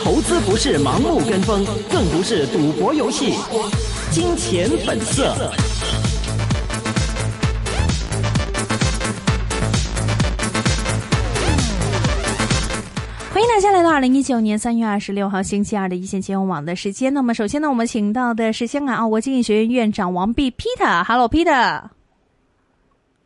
投資不是盲目跟風，更不是賭博遊戲。金錢本色。歡迎大家來到二零一九年三月二十六號星期二的一線金融網的時間。那麼，首先呢，我們請到的是香港奧國經濟學院院長王弼。Peter。Hello，Peter。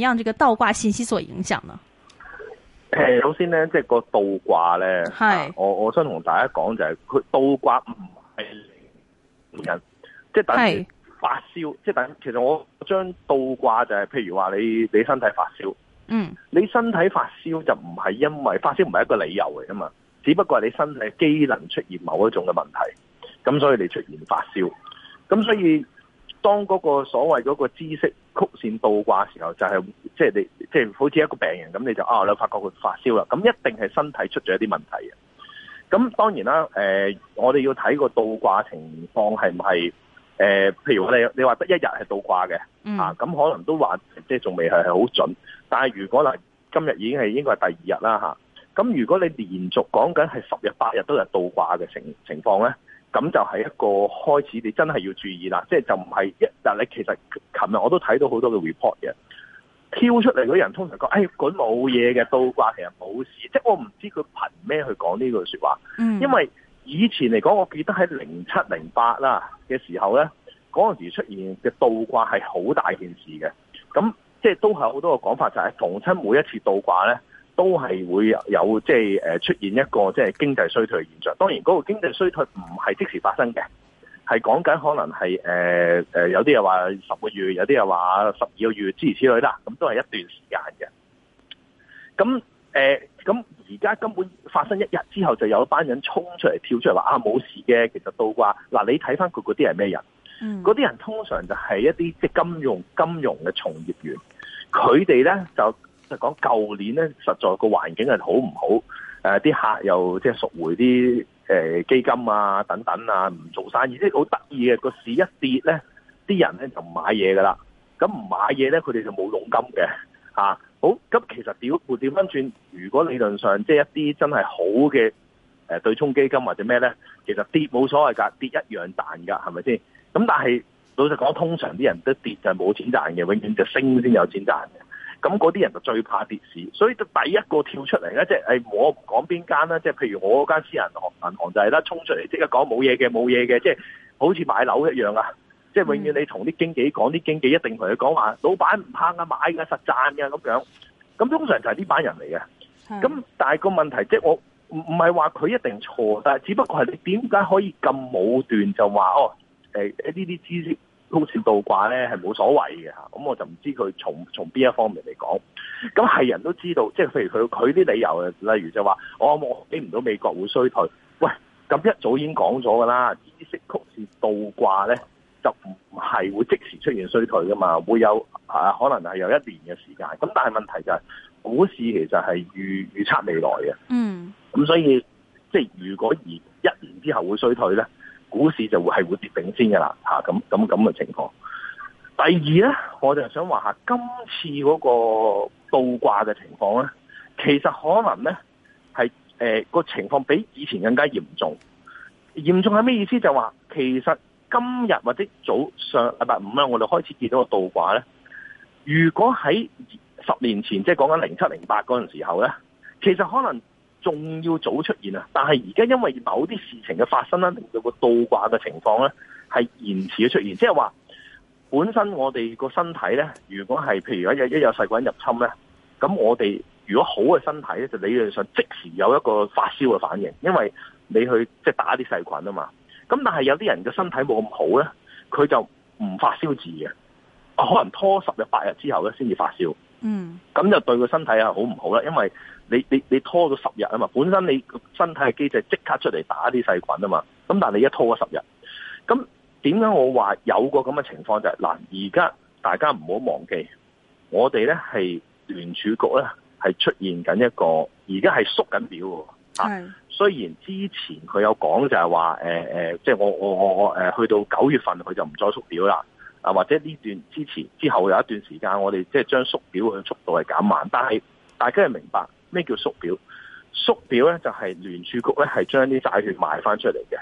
讓這個倒掛信息所影響呢？首先呢，即、就、係、是、個倒掛呢係、hey. 我我想同大家講就係、是，佢倒掛唔係原因，hey. 即係等於發燒，即係等其實我將倒掛就係、是，譬如話你你身體發燒，嗯、hey.，你身體發燒就唔係因為發燒唔係一個理由嚟噶嘛。只不過係你身體機能出現某一種嘅問題，咁所以你出現發燒，咁所以。當嗰個所謂嗰個孳息曲線倒掛嘅時候、就係，就係即係你即係、就係、好似一個病人咁，咁你就啊你發覺佢發燒啦，咁一定係身體出咗啲問題嘅。咁當然啦，誒、呃、我哋要睇個倒掛情況係唔係誒？譬如我你話得一日係倒掛嘅、嗯，啊咁可能都話即係仲未係係好準。但係如果嗱今日已經係應該係第二日啦嚇，咁、啊、如果你連續講緊係十日八日都係倒掛嘅情情況咧？咁就係一個開始，你真係要注意啦。即係就唔係一，嗱，你其實琴日我都睇到好多嘅 report 嘅，跳出嚟嗰啲人通常講，哎，佢冇嘢嘅倒掛，其實冇事。即係我唔知佢憑咩去講呢句說話。嗯，因為以前嚟講，我記得喺零七零八啦嘅時候咧，嗰陣時出現嘅倒掛係好大件事嘅。咁即係都係好多個講法，就係逢親每一次倒掛咧。都係會有即係出現一個即係經濟衰退現象。當然嗰個經濟衰退唔係即時發生嘅，係講緊可能係誒有啲又話十個月，有啲又話十二個月，諸如此類啦。咁都係一段時間嘅。咁誒咁而家根本發生一日之後，就有一班人衝出嚟跳出嚟話啊冇事嘅，其實倒掛嗱，你睇翻佢嗰啲係咩人？嗰啲人通常就係一啲即金融金融嘅從業員，佢哋咧就。就講舊年咧，實在個環境係好唔好？誒，啲客又即係贖回啲誒基金啊，等等啊，唔做生意即係好得意嘅，個市一跌咧，啲人咧就唔買嘢噶啦。咁唔買嘢咧，佢哋就冇佣金嘅。吓，好咁，其實調過調翻轉，如果理論上即係一啲真係好嘅誒對沖基金或者咩咧，其實跌冇所謂噶，跌一樣賺噶，係咪先？咁但係老實講，通常啲人都跌就冇錢賺嘅，永遠就升先有錢賺嘅。咁嗰啲人就最怕跌市，所以就第一個跳出嚟咧，即係我唔講邊間啦，即係譬如我嗰間私人銀行銀行就係啦，衝出嚟即刻講冇嘢嘅，冇嘢嘅，即係好似買樓一樣啊，嗯！即係永遠你同啲經紀講，啲經紀一定同你講話，老闆唔怕噶，買噶，實賺噶咁樣。咁通常就係呢班人嚟嘅。咁、嗯、但係個問題即係我唔唔係話佢一定錯，但係只不過係你點解可以咁武斷就話哦，誒呢啲知曲線倒掛咧係冇所謂嘅吓，咁我就唔知佢從從邊一方面嚟講，咁係人都知道，即係譬如佢佢啲理由，例如就話、哦、我我見唔到美國會衰退，喂，咁一早已經講咗噶啦，知識曲線倒掛咧就唔係會即時出現衰退噶嘛，會有啊可能係有一年嘅時間，咁但係問題就係、是、股市其實係預預測未來嘅，嗯，咁所以即係如果而一年之後會衰退咧？股市就係會跌頂先嘅啦。吓，咁咁咁嘅情況。第二咧，我就想話下今次嗰個倒掛嘅情況咧，其實可能咧係，誒個情況比以前更加嚴重。嚴重係咩意思？就話其實今日或者早上禮拜五咧，我哋開始見到個倒掛咧。如果喺十年前，即係講緊零七零八嗰陣時候咧，其實可能仲要早出現啊！但係而家因為某啲事情嘅發生啦，令到個倒掛嘅情況咧，係延遲咗出現。即係話本身我哋個身體咧，如果係譬如一有一有細菌入侵咧，咁我哋如果好嘅身體咧，就理論上即時有一個發燒嘅反應，因為你去即係、就是、打啲細菌啊嘛。咁但係有啲人嘅身體冇咁好咧，佢就唔發燒治嘅，可能拖十日八日之後咧先至發燒。嗯，咁就對個身體係好唔好啦？因為你你你拖咗十日啊嘛，本身你身體嘅機制即刻出嚟打啲細菌啊嘛，咁但係你一拖咗十日，咁點解我話有個咁嘅情況就係、是、嗱，而家大家唔好忘記，我哋咧係聯儲局咧係出現緊一個而家係縮緊表啊，雖然之前佢有講就係話誒誒，即係我我我誒去到九月份佢就唔再縮表啦。啊，或者呢段之前、之後有一段時間，我哋即係將縮表嘅速度係減慢，但係大家係明白咩叫縮表？縮表咧就係聯儲局咧係將啲債券賣翻出嚟嘅。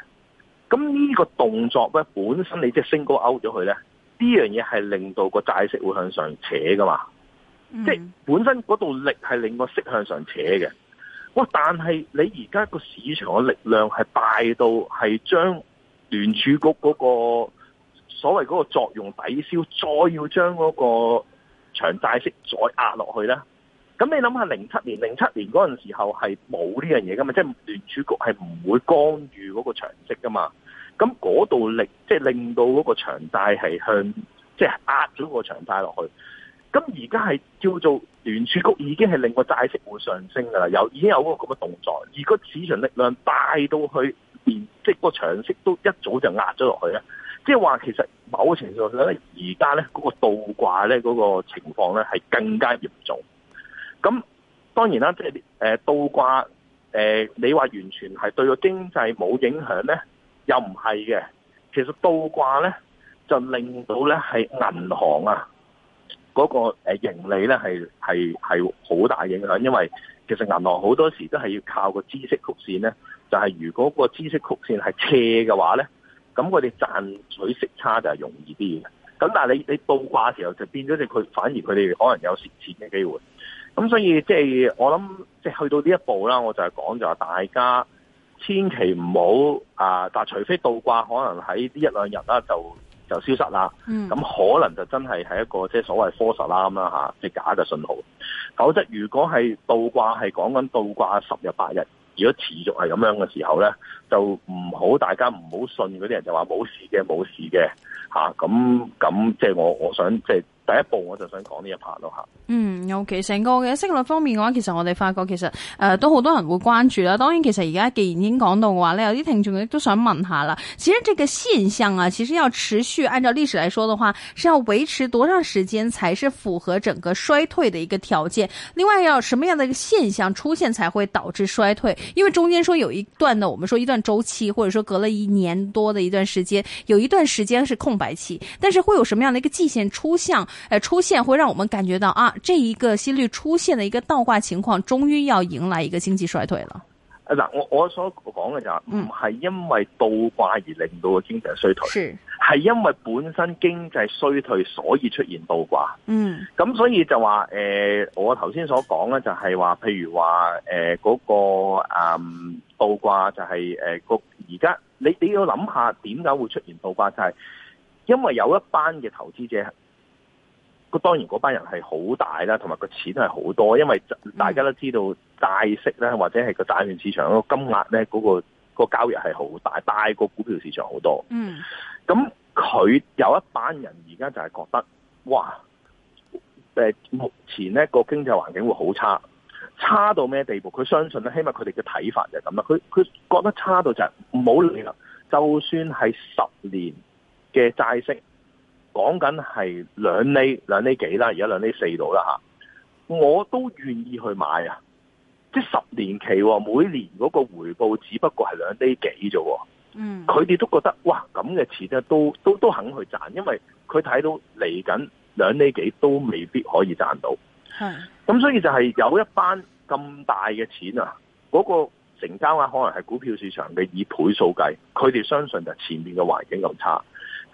咁呢個動作咧，本身你即係升高勾咗佢咧，呢樣嘢係令到個債息會向上扯噶嘛？即、mm. 係本身嗰度力係令個息向上扯嘅。哇！但係你而家個市場嘅力量係大到係將聯儲局嗰、嗰個。所謂嗰個作用抵消，再要將嗰個長債息再壓落去咧。咁你諗下，零七年、零七年嗰陣時候係冇呢樣嘢㗎嘛，即係聯儲局係唔會干預嗰個長息㗎嘛。咁嗰度令即係令到嗰個長債係向即係壓咗個長債落去。咁而家係叫做聯儲局已經係令個債息會上升㗎啦，有已經有嗰個咁嘅動作。而個市場力量大到去連即係個長息都一早就壓咗落去咧。即係話，其實某程度上呢，而家呢嗰個倒掛呢嗰個情況呢係更加嚴重。咁當然啦，即係誒倒掛你話完全係對個經濟冇影響呢，又唔係嘅。其實倒掛呢，就令到呢係銀行啊嗰個盈利呢係係係好大影響，因為其實銀行好多時都係要靠個孳息曲線呢，就係如果個孳息曲線係斜嘅話呢。咁佢哋賺取息差就係容易啲嘅，咁但係你你倒掛嘅時候就變咗，佢反而佢哋可能有蝕錢嘅機會。咁所以即係我諗，即係去到呢一步啦，我就係講就話大家千祈唔好啊！但係除非倒掛，可能喺呢一兩日啦、啊，就就消失啦。咁可能就真係係一個即係所謂 false 啦。咁啦嚇，即係假嘅信號。否則如果係倒掛係講緊倒掛十日八日，如果持續係咁樣嘅時候咧，就唔好，大家唔好信嗰啲人就話冇事嘅冇事嘅吓，咁咁即係我我想即係。即係第一步我就想講呢一排囉吓，嗯，OK 成個嘅息率方面嘅話，其實我哋發覺其實誒、呃、都好多人會關注啦。當然，其實而家既然已經講到嘅話咧，有啲聽眾都想問下啦。其實這個現象啊，其實要持續，按照歷史來說嘅話，是要維持多長時間才是符合整個衰退嘅一個條件？另外要什麼樣的一個現象出現才會導致衰退？因為中間說有一段呢，我們說一段周期，或者說隔了一年多嘅一的一象出才致衰退？因中有一段呢，我一段周期，或者隔了一年多嘅一段時間，有一段時間是空白期，但是會有什麼樣的一個跡象出現嘅一出誒，出現會讓我們感覺到啊，這一個息率出現的一個倒掛情況，終於要迎來一個經濟衰退了。嗱，我我所講嘅就唔係因為倒掛而令到個經濟衰退，係因為本身經濟衰退所以出現倒掛。嗯，咁所以就話誒、呃，我頭先所講咧就係話，譬如話誒、呃嗰個誒、嗯、倒掛就係誒個而家你你要諗下點解會出現倒掛，就係、是、因為有一班嘅投資者。當然嗰班人係好大啦，同埋個錢係好多，因為大家都知道債息咧，或者係個債券市場嗰個金額咧，嗰個交易係好大，大過股票市場好多。嗯，咁佢有一班人而家就係覺得，哇，誒目前呢個經濟環境會好差，差到咩地步？佢相信咧，起碼佢哋嘅睇法就係咁啦。佢佢覺得差到就係、是、冇理啦，就算係十年嘅債息。講緊係兩厘兩厘幾啦，而家兩厘四度啦吓，我都願意去買啊！即十年期，每年嗰個回報只不過係兩厘幾啫。嗯，佢哋都覺得哇，咁嘅錢呢都都都肯去賺，因為佢睇到嚟緊兩厘幾都未必可以賺到。係，咁所以就係有一班咁大嘅錢啊，嗰個成交額，可能係股票市場嘅以倍數計，佢哋相信就前面嘅環境又差。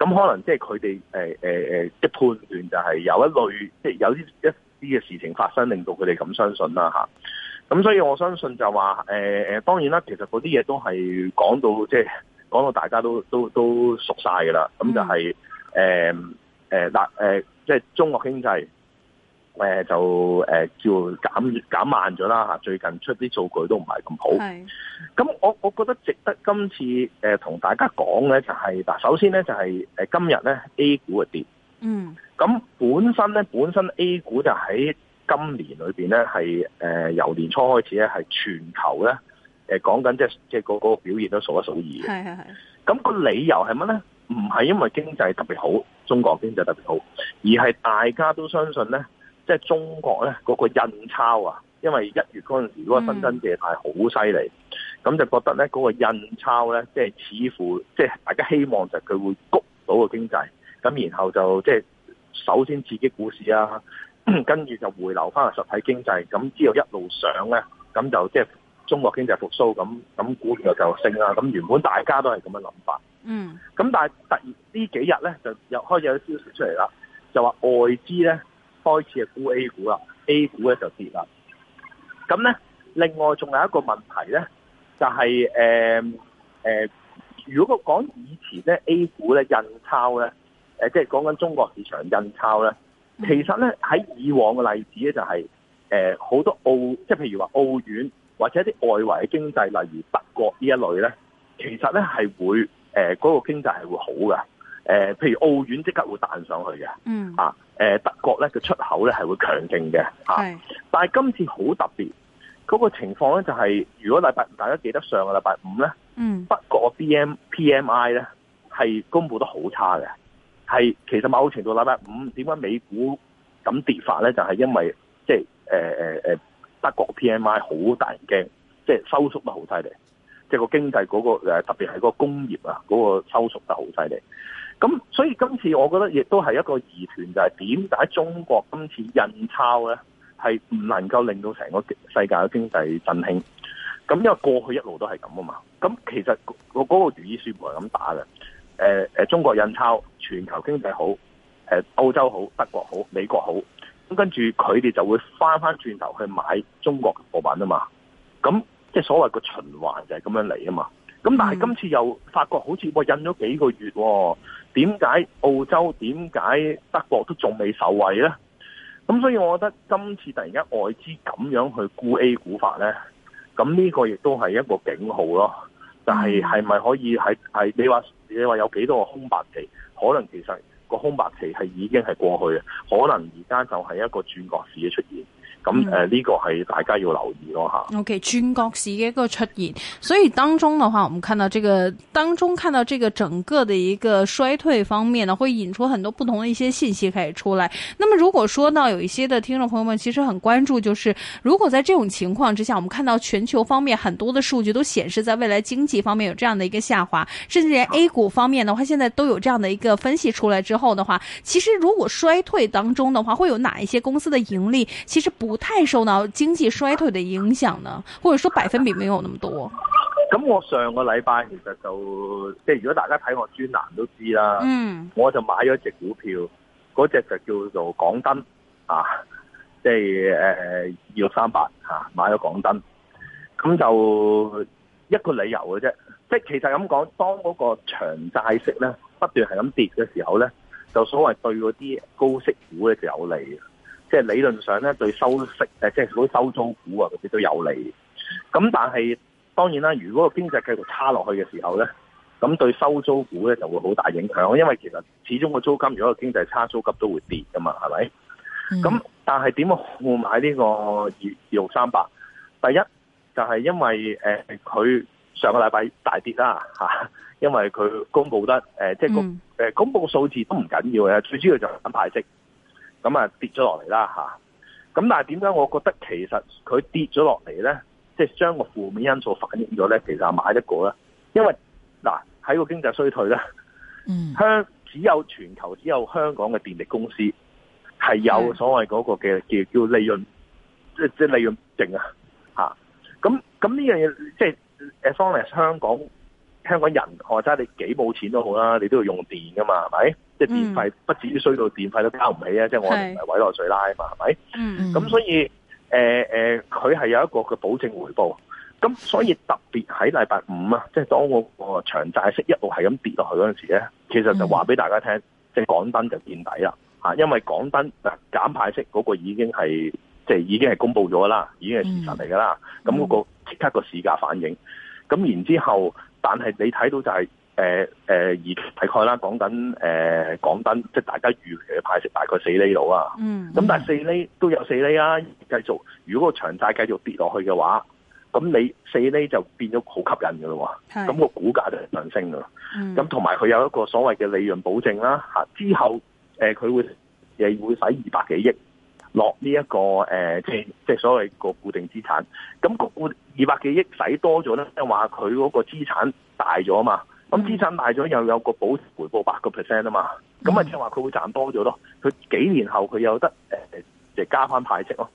咁可能即係佢哋嘅即判斷就係有一類即係、就是、有啲一啲嘅事情發生，令到佢哋咁相信啦吓，咁所以我相信就話、欸、當然啦，其實嗰啲嘢都係講到即係講到大家都都都熟曬㗎啦。咁就係欸、欸、即係中國經濟。誒、呃，就誒叫減減慢咗啦吓，最近出啲數據都唔係咁好。係，咁我我覺得值得今次誒同、呃、大家講咧，就係、是、嗱，首先咧就係、是、誒今日咧 A 股嘅跌，嗯，咁本身咧本身 A 股就喺今年裏邊咧係誒由年初開始咧係全球咧誒講緊即係即係個表現都數一數二嘅。係係係，咁個理由係乜咧？唔係因為經濟特別好，中國經濟特別好，而係大家都相信咧。即、就、係、是、中國咧，嗰、那個印鈔啊，因為一月嗰陣時嗰個新增借貸好犀利，咁、嗯、就覺得咧嗰、那個印鈔咧，即、就、係、是、似乎即係、就是、大家希望就係佢會谷到個經濟，咁然後就即係、就是、首先刺激股市啊，跟住 就回流翻嚟實體經濟，咁之後一路上咧，咁就即係、就是、中國經濟復甦，咁咁股票就升啦，啊，咁原本大家都係咁樣諗法，嗯，咁但係突然呢幾日咧就又開始有啲消息出嚟啦，就話外資咧。開始係沽 A 股啦，A 股咧就跌啦。咁咧，另外仲有一個問題咧，就係、是呃呃、如果講以前咧，A 股咧印鈔咧，即係講緊中國市場印鈔咧，其實咧喺以往嘅例子咧、就是，就係誒好多澳，即係譬如話澳元或者一啲外圍嘅經濟，例如德國呢一類咧，其實咧係會誒嗰、呃那個經濟係會好嘅、呃，譬如澳元即刻會彈上去嘅，嗯啊。誒德國咧嘅出口咧係會強勁嘅，但係今次好特別嗰、那個情況呢，就係、是，如果禮拜五大家記得上個禮拜五呢，嗯，德國嘅 B M P M I 呢係公布得好差嘅。係其實某程度禮拜五點解美股咁跌法呢？就係、是、因為即係誒德國 P M I 好大驚，即、就、係、是、收縮得好犀利，即係個經濟嗰、那個特別係個工業啊嗰個收縮得好犀利。咁所以今次我覺得亦都係一個疑團，就係點解中國今次印鈔咧係唔能夠令到成個世界嘅經濟振興？咁因為過去一路都係咁啊嘛。咁其實我嗰個如意算盤唔係咁打嘅。誒、呃、中國印鈔，全球經濟好、呃，歐洲好，德國好，美國好，咁跟住佢哋就會翻翻轉頭去買中國嘅貨品啊嘛。咁即係所謂個循環就係咁樣嚟啊嘛。咁但係今次又發覺好似印咗幾個月、哦。點解澳洲，點解德國都仲未受惠呢？咁所以我覺得今次突然間外資咁樣去沽 A 股法呢，咁呢個亦都係一個警號咯。但係係咪可以喺係你話你話有幾多個空白期？可能其實個空白期係已經係過去嘅，可能而家就係一個轉角市嘅出現。咁、嗯、誒，呢、這個係大家要留意咯吓。O K，轉角市嘅一個出現。所以當中的話，我們看到這個當中看到這個整個的一個衰退方面呢，會引出很多不同的一些信息可以出來。那麼如果說到有一些的聽眾朋友們，其實很關注，就是如果在這種情況之下，我們看到全球方面很多的數據都顯示在未來經濟方面有這樣的一個下滑，甚至連 A 股方面的話，現在都有這樣的一個分析出來之後的話，其實如果衰退當中的話，會有哪一些公司的盈利，其實不。不太受到經濟衰退的影響呢？或者說百分比沒有那麼多。咁我上個禮拜其實就即係如果大家睇我專欄都知啦、嗯，我就買咗隻股票，嗰隻就叫做港燈啊，即係誒二六三八啊，買咗港燈。咁就一個理由嘅啫，即係其實咁講，當嗰個長債息咧不斷係咁跌嘅時候咧，就所謂對嗰啲高息股咧就有利。即、就、係、是、理論上咧，對收息即係啲收租股啊，嗰啲都有利。咁但係當然啦，如果個經濟繼續差落去嘅時候咧，咁對收租股咧就會好大影響。因為其實始終個租金如果個經濟差，租金都會跌㗎嘛，係咪？咁、mm-hmm. 但係點會買呢個二六三八？第一就係、是、因為誒佢、呃、上個禮拜大跌啦、啊、因為佢公佈得誒即係公公佈數字都唔緊要嘅，mm-hmm. 最主要就係等派息。咁啊，跌咗落嚟啦嚇！咁但係點解我覺得其實佢跌咗落嚟咧，即係將個負面因素反映咗咧，其實係買得過啦！因為嗱，喺、啊、個經濟衰退咧，香、嗯、只有全球只有香港嘅電力公司係有所謂嗰個嘅叫叫利潤即即利潤淨啊吓！咁咁呢樣嘢即係誒，as long as 香港，香港人我話齋你幾冇錢都好啦，你都要用電噶嘛，係咪？即、嗯、係電費不至於衰到電費都交唔起啊！即係、就是、我哋唔係委內瑞拉啊嘛，係、嗯、咪？咁所以誒誒，佢、嗯、係、呃呃、有一個嘅保證回報。咁所以特別喺禮拜五啊，即、就、係、是、當嗰個長債息一路係咁跌落去嗰陣時咧，其實就話俾大家聽，即、嗯、係、就是、港燈就見底啦嚇，因為港燈嗱、呃、減派息嗰個已經係即係已經係公佈咗啦，已經係事實嚟㗎啦。咁、嗯、嗰個即刻個市價反應，咁然之後，但係你睇到就係、是。誒、呃、誒、而、呃呃、大概啦，講緊誒講緊，即係大家預期嘅派息大概四厘到啊。嗯。咁、嗯、但係四厘都有四厘啊，繼續。如果個長債繼續跌落去嘅話，咁你四厘就變咗好吸引噶咯。咁，那個股價就上升咯。咁同埋佢有一個所謂嘅利潤保證啦。吓，之後誒佢、呃、會誒會使二百幾億落呢、這、一個誒、呃、即係即係所謂個固定資產。咁，那個固二百幾億使多咗咧，就話佢嗰個資產大咗嘛。咁資產賣咗又有個保息回報百個 percent 啊嘛，咁咪即係話佢會賺多咗咯。佢幾年後佢有得誒、呃，即加翻派息咯。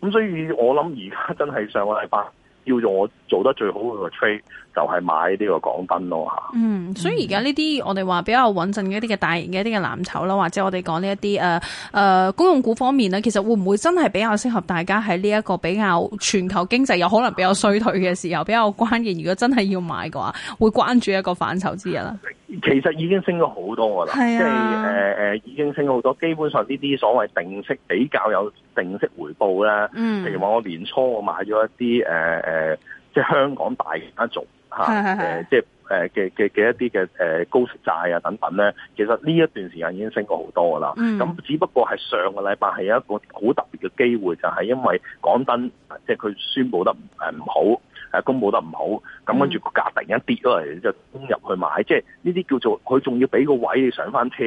咁所以我諗而家真係上個禮拜。叫做我做得最好嘅 trade 就係、是、買呢個港燈咯吓。嗯，所以而家呢啲我哋話比較穩陣一啲嘅大型嘅一啲嘅藍籌啦，或者我哋講呢一啲誒誒公用股方面咧，其實會唔會真係比較適合大家喺呢一個比較全球經濟有可能比較衰退嘅時候比較關鍵？如果真係要買嘅話，會關注一個範疇之一啦。其實已經升咗好多㗎啦，啊，即係誒誒已經升好多，基本上呢啲所謂定息比較有定息回報咧。譬、嗯、如話我年初我買咗一啲誒誒，即係香港大型的、啊是是是呃是呃、一族，嚇、呃，誒即係誒嘅嘅嘅一啲嘅誒高息債啊等等咧，其實呢一段時間已經升過好多㗎啦。咁、嗯、只不過係上個禮拜係有一個好特別嘅機會，就係、是、因為港燈即係佢宣佈得誒唔好。公布得唔好，咁跟住個價格突然一跌咗嚟、嗯，就攻入去買，即係呢啲叫做佢仲要俾個位你上返車、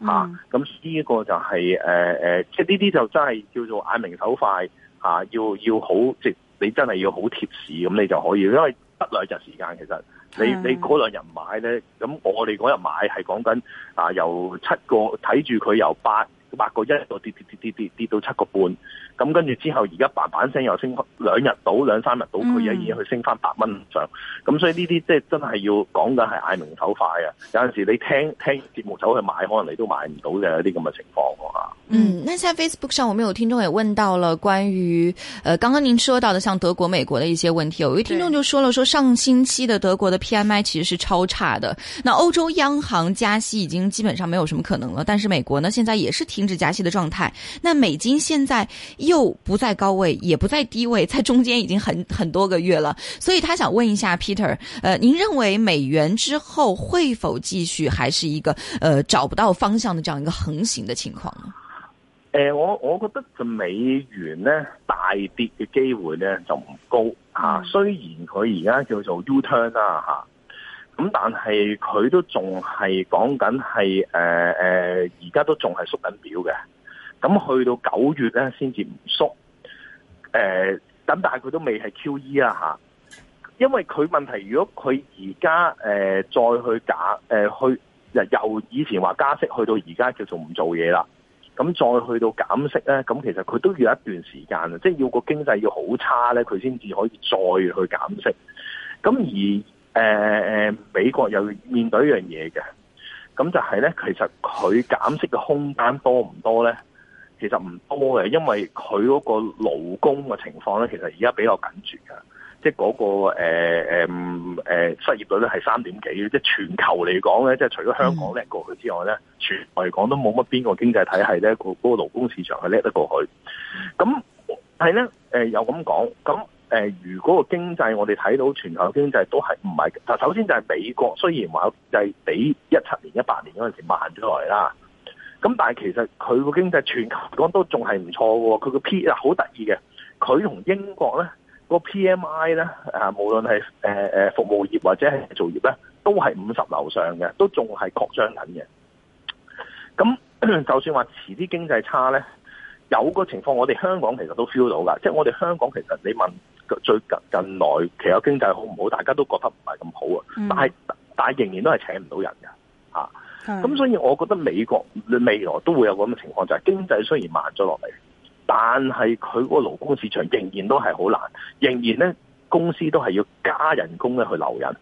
嗯、啊！咁呢個就係誒即係呢啲就真係叫做眼明手快、啊、要要好即係你真係要好貼市，咁，你就可以，因為得兩日時間其實你你嗰兩日買咧，咁我哋嗰日買係講緊啊由七個睇住佢由八八個一個跌跌跌跌跌跌，跌到七個半。咁跟住之後，而家嘭嘭聲又升，兩日到兩三日到，佢啊已經去升翻八蚊上。咁、嗯、所以呢啲即係真係要講緊係眼明手快啊！有陣時你聽聽節目走去買，可能你都買唔到嘅一啲咁嘅情況啊。嗯，那在 Facebook 上，我們有聽眾也問到了關於，呃，剛剛您說到的像德國、美國的一些問題，有一位聽眾就說了，說上星期的德國的 P M I 其實是超差的。那歐洲央行加息已經基本上沒有什麼可能了，但是美國呢，現在也是停止加息的狀態。那美金現在。又不在高位，也不在低位，在中間已經很很多個月了。所以他想問一下 Peter，呃，您認為美元之後會否繼續還是一個呃找不到方向的這樣一個橫行的情況呢？誒、呃，我我覺得就美元呢，大跌嘅機會呢就唔高啊。雖然佢而家叫做 U-turn 啦、啊、吓，咁、啊、但係佢都仲係講緊係誒誒，而、呃、家、呃、都仲係縮緊表嘅。咁去到九月咧，先至唔縮。誒、呃，等但係佢都未係 QE 啦吓，因為佢問題，如果佢而家誒再去減，誒、呃、去由、呃、以前話加息，去到而家叫做唔做嘢啦。咁再去到減息咧，咁其實佢都要一段時間啊，即係要個經濟要好差咧，佢先至可以再去減息。咁而誒誒、呃，美國又面對一樣嘢嘅，咁就係咧，其實佢減息嘅空間多唔多咧？其實唔多嘅，因為佢嗰個勞工嘅情況咧，其實而家比較緊住嘅，即係、那、嗰個誒誒誒失業率咧係三點幾，即係全球嚟講咧，即係除咗香港叻過佢之外咧，嗯、全嚟講都冇乜邊個經濟體系咧，那個個勞工市場係叻得過佢。咁係咧，誒又咁講，咁、呃、誒、呃、如果個經濟我哋睇到全球經濟都係唔係，首先就係美國，雖然話就係比一七年、一八年嗰陣時慢咗落嚟啦。咁但係其實佢個經濟全球嚟講都仲係唔錯喎，佢個 P 啊，好得意嘅，佢同英國咧個 PMI 咧無論係服務業或者係造業咧，都係五十樓上嘅，都仲係擴張緊嘅。咁就算話遲啲經濟差咧，有個情況我哋香港其實都 feel 到㗎，即係我哋香港其實你問最近近來其實經濟好唔好，大家都覺得唔係咁好啊、嗯，但係但係仍然都係請唔到人㗎吓。咁所以，我覺得美國你未來都會有咁嘅情況，就係經濟雖然慢咗落嚟，但係佢個勞工市場仍然都係好難，仍然咧公司都係要加人工咧去留人，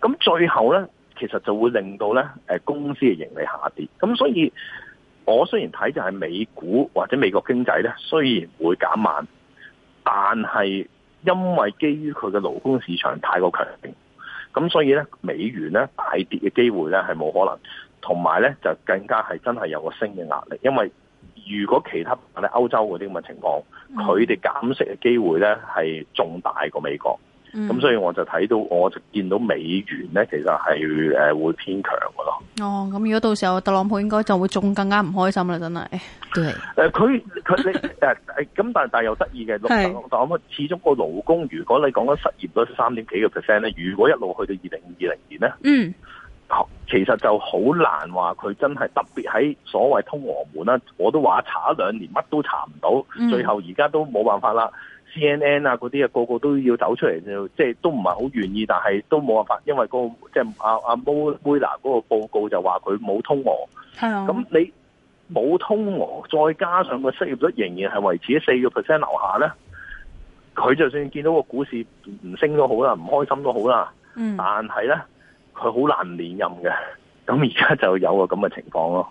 咁最後咧其實就會令到咧誒公司嘅盈利下跌。咁所以，我雖然睇就係美股或者美國經濟咧，雖然會減慢，但係因為基於佢嘅勞工市場太過強勁，咁所以咧美元咧大跌嘅機會咧係冇可能。同埋咧，就更加係真係有個升嘅壓力，因為如果其他咧歐洲嗰啲咁嘅情況，佢、嗯、哋減息嘅機會咧係仲大過美國，咁、嗯、所以我就睇到，我就見到美元咧其實係誒會偏強㗎咯。哦，咁如果到時候特朗普應該就會仲更加唔開心啦，真係。對、哎，佢佢你咁，但係但係又得意嘅，特朗普咁啊，始終個勞工如果你講緊失業率三點幾個 percent 咧，如果一路去到二零二零年咧，嗯。其實就好難話佢真係特別喺所謂通俄門啦，我都話查咗兩年乜都查唔到，最後而家都冇辦法啦。C N N 啊嗰啲啊個個都要走出嚟，就即係都唔係好願意，但係都冇辦法，因為嗰、那個即係阿阿 Mueller 嗰個報告就話佢冇通俄。係啊，咁你冇通俄，再加上個失業率仍然係維持喺四個 percent 樓下咧，佢就算見到個股市唔升都好啦，唔開心都好啦，嗯，但係咧。佢好難連任嘅，咁而家就有個咁嘅情況咯。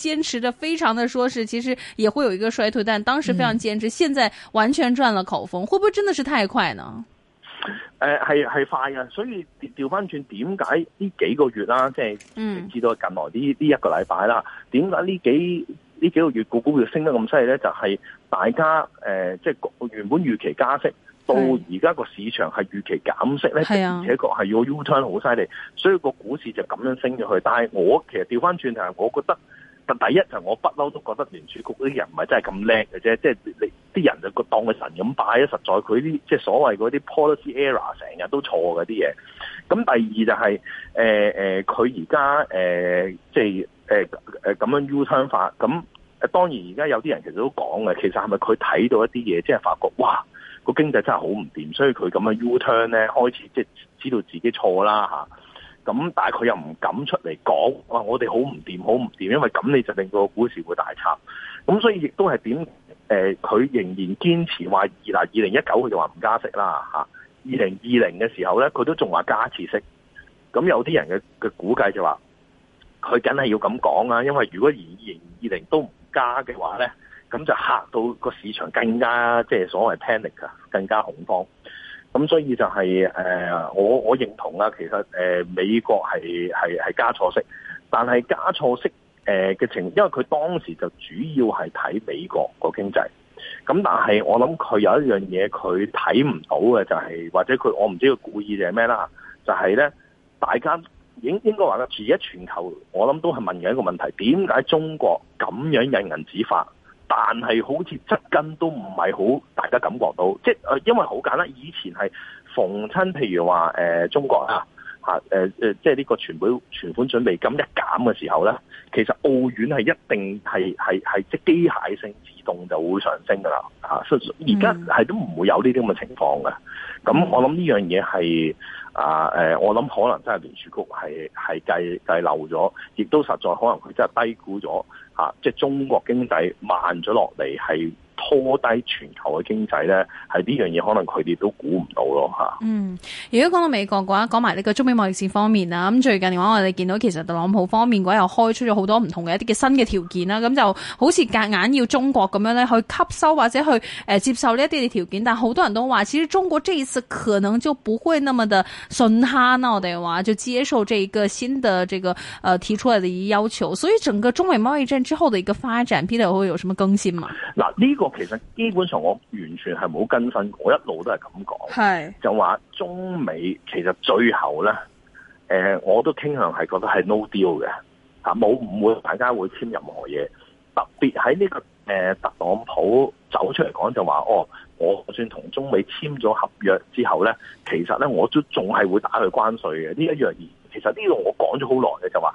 堅持得非常的說，說是其實也會有一個衰退，但當時非常堅持，嗯、現在完全轉了口風，會不會真的是太快呢？誒係係快啊，所以調翻轉點解呢幾個月啦，即係甚至到近來呢呢一個禮拜啦，點解呢幾呢幾個月個股票升得咁犀利咧？就係、是、大家誒即係原本預期加息，到而家個市場係預期減息咧，而且個係要 U turn 好犀利，所以個股市就咁樣升咗去。但係我其實調翻轉係，我覺得。第一就我不嬲都覺得聯儲局啲人唔係真係咁叻嘅啫，即係你啲人就當佢神咁擺咗實在佢啲即係所謂嗰啲 policy error，成日都錯嗰啲嘢。咁第二就係誒誒，佢而家誒即係誒誒咁樣 U turn 法。咁當然而家有啲人其實都講嘅，其實係咪佢睇到一啲嘢，即係發覺哇個經濟真係好唔掂，所以佢咁樣 U turn 咧，開始即係知道自己錯啦嚇。咁但係佢又唔敢出嚟講、啊，我哋好唔掂，好唔掂，因為咁你就令到個股市會大插。咁所以亦都係點？誒、呃，佢仍然堅持話二嗱，二零一九佢就話唔加息啦嚇。二零二零嘅時候咧，佢都仲話加次息。咁有啲人嘅嘅估計就話，佢梗係要咁講呀，因為如果二零二零都唔加嘅話咧，咁就嚇到個市場更加即係、就是、所謂 panic 啊，更加恐慌。咁所以就係、是、誒、呃，我我認同啦。其實誒、呃、美國係係係加錯息，但係加錯息誒嘅情況，因為佢當時就主要係睇美國個經濟。咁但係我諗佢有一樣嘢佢睇唔到嘅就係、是，或者佢我唔知佢故意定係咩啦，就係、是、咧大家應該話個，而家全球我諗都係問緊一個問題，點解中國咁樣印銀紙發？但係好似側根都唔係好大家感覺到，即、呃、因為好簡單，以前係逢親，譬如話、呃、中國啊。嚇誒、誒，即係呢個存款存款準備金一減嘅時候咧，其實澳元係一定係係係即機械性自動就會上升㗎啦嚇。所以而家係都唔會有呢啲咁嘅情況嘅。咁我諗呢樣嘢係啊誒、啊，我諗可能真係聯儲局係係計計漏咗，亦都實在可能佢真係低估咗嚇，即、啊、係、就是、中國經濟慢咗落嚟係。拖低全球嘅經濟咧，係呢樣嘢可能佢哋都估唔到咯嚇。嗯，如果講到美國嘅話，講埋呢個中美貿易戰方面啦，咁最近嘅話，我哋見到其實特朗普方面嘅話又開出咗好多唔同嘅一啲嘅新嘅條件啦，咁就好似夾硬要中國咁樣咧去吸收或者去誒接受呢啲嘅條件，但好多人都話其實中國這一次可能就唔會那麼的順下咯，我哋話就接受呢一個新的這個誒提出嚟嘅要求。所以整個中美貿易戰之後嘅一個發展，必定會有什麼更新嘛？嗱呢個。其實基本上我完全係冇更新，我一路都係咁講，就話中美其實最後咧，誒、呃，我都傾向係覺得係 no deal 嘅，吓，冇唔會大家會簽任何嘢。特別喺呢個誒、呃、特朗普走出嚟講就話，哦，我就算同中美簽咗合約之後咧，其實咧我都仲係會打佢關稅嘅。呢一樣嘢，其實呢度我講咗好耐嘅，就話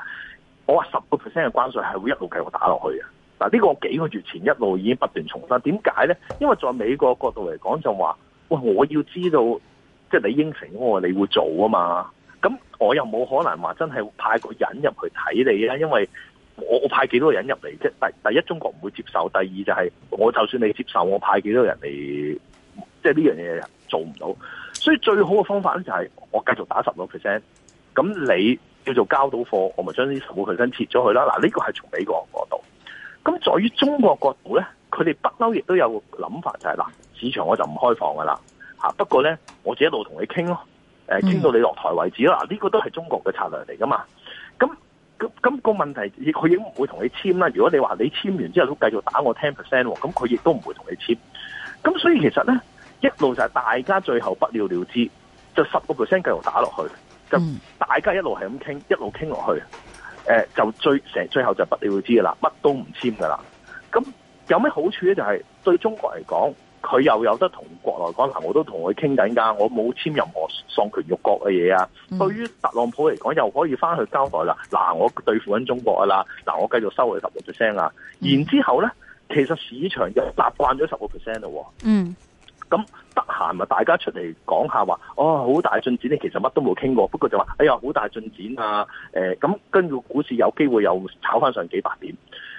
我話十個 percent 嘅關稅係會一路繼續打落去嘅。嗱、這、呢個幾個月前一路已經不斷重申，點解呢？因為在美國角度嚟講，就話：喂，我要知道即係、就是、你應承我，你會做啊嘛。咁我又冇可能話真係派個人入去睇你啊？因為我我派幾多人入嚟，即第第一中國唔會接受，第二就係我就算你接受，我派幾多人嚟，即係呢樣嘢做唔到。所以最好嘅方法呢，就係我繼續打十個 percent，咁你叫做交到貨，我咪將呢十個 percent 切咗佢啦。嗱，呢個係從美國角度。咁在於中國角度咧，佢哋不嬲亦都有諗法、就是，就係嗱，市場我就唔開放噶啦嚇。不過咧，我自己一路同你傾咯，誒傾到你落台為止啦。呢、這個都係中國嘅策略嚟噶嘛。咁咁咁個問題，佢亦唔會同你簽啦。如果你話你簽完之後都繼續打我 ten percent 喎，咁佢亦都唔會同你簽。咁所以其實咧，一路就係大家最後不了了之，就十個 percent 繼續打落去，就大家一路係咁傾，一路傾落去。誒、嗯，就最成最後就不你會知噶啦，乜都唔簽噶啦。咁有咩好處咧？就係、是、對中國嚟講，佢又有得同國內講，嗱，我都同佢傾緊噶，我冇簽任何喪權辱國嘅嘢啊。嗯、對於特朗普嚟講，又可以翻去交代啦。嗱，我對付緊中國噶啦，嗱，我繼續收佢十個 percent 啊。嗯、然之後咧，其實市場又習慣咗十個 percent 咯。嗯。咁得閒咪大家出嚟講下話，哦，好大進展咧，其實乜都冇傾過，不過就話，哎呀好大進展啊，呃，咁跟住股市有機會又炒翻上幾百點，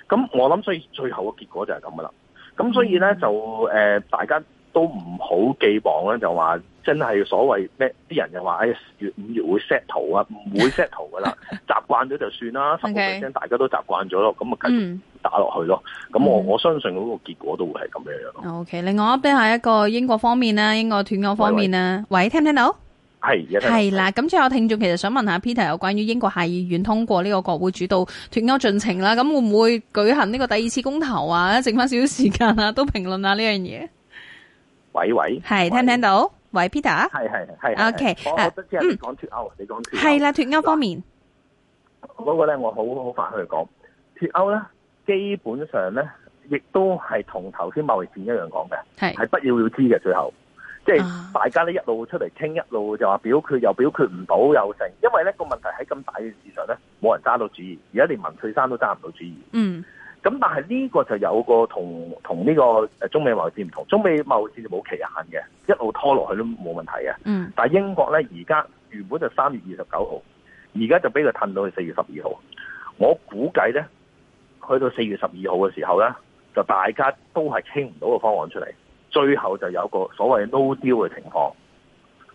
咁我諗所以最後嘅結果就係咁噶啦，咁所以咧就呃，大家都唔好寄望咧，就話。真係所謂咩？啲人又話誒，月五月會 set 圖啊，唔會 set 圖噶啦，習慣咗就算啦。十個、okay. 大家都習慣咗咯，咁啊繼續打落去咯。咁、嗯、我、嗯、我相信嗰個結果都會係咁樣樣咯。OK，另外一 p d 下一個英國方面啦、啊，英國斷案方面啊。喂，喂聽唔聽到？係，係啦。咁最後，聽聽眾其實想問下 Peter 有關於英國下議院通過呢個國會主導脫歐進程啦，咁會唔會舉行呢個第二次公投啊？剩翻少少時間啊，都評論下呢樣嘢。喂喂，係聽唔聽到？喂，Peter，係係係，OK，我、uh, 講脫歐，嗯，係啦，脫歐方面，嗰、嗰個咧我好好快去講脫歐咧，基本上咧亦都係同頭先貿易戰一樣講嘅，係係不了了之嘅，最後，即係大家咧一路出嚟傾，一路就話表決又表決唔到又成，因為咧個問題喺咁大嘅市場咧，冇人揸到主意，而家連文翠珊都揸唔到主意，嗯。咁但係呢個就有個同同呢個誒中美貿易戰唔同，中美貿易戰就冇期限嘅，一路拖落去都冇問題嘅。嗯，但係英國咧，而家原本就三月二十九號，而家就俾佢褪到去四月十二號。我估計咧，去到四月十二號嘅時候咧，就大家都係傾唔到個方案出嚟，最後就有個所謂 no deal 嘅情況。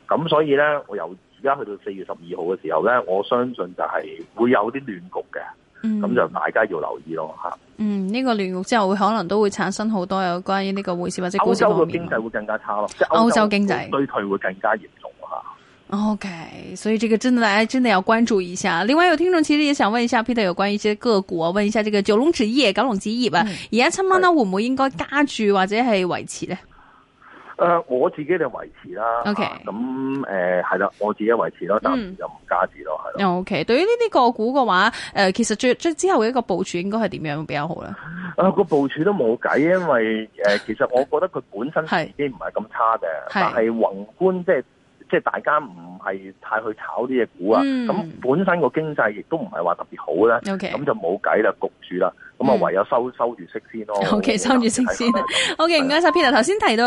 咁所以咧，我由而家去到四月十二號嘅時候咧，我相信就係會有啲亂局嘅。咁、嗯、就大家要留意咯吓、啊。嗯，呢、這個聯絡之後會可能都會產生好多有關於呢個匯市或者歐洲嘅經濟會更加差咯，即係歐洲經濟衰、就是、退會更加嚴重吓、啊。OK，所以這個真係，真係要關注一下。另外有聽眾其實也想問一下 Peter 有關於一些個股問一下這個九龍紙業、九龍紙業啊，而家七蚊啦，會唔會應該加注或者係維持咧？誒我自己就維持啦。O K。咁誒係啦，我自己維持啦，但又唔加住咯，係、嗯、咯。O、嗯、K。對於呢啲個股嘅話、呃，其實最最之後嘅一個部署應該係點樣比較好啦啊，個、呃、部署都冇計，因為誒、呃、其實我覺得佢本身自己唔係咁差嘅， 但係宏觀即係即係大家唔係太去炒呢隻股啊。咁、嗯、本身個經濟亦都唔係話特別好啦。O、okay. K。咁就冇計啦，焗住啦。咁啊唯有收、嗯、收住息先咯。O K。收住息先。O K。唔該晒 Peter 頭先提到。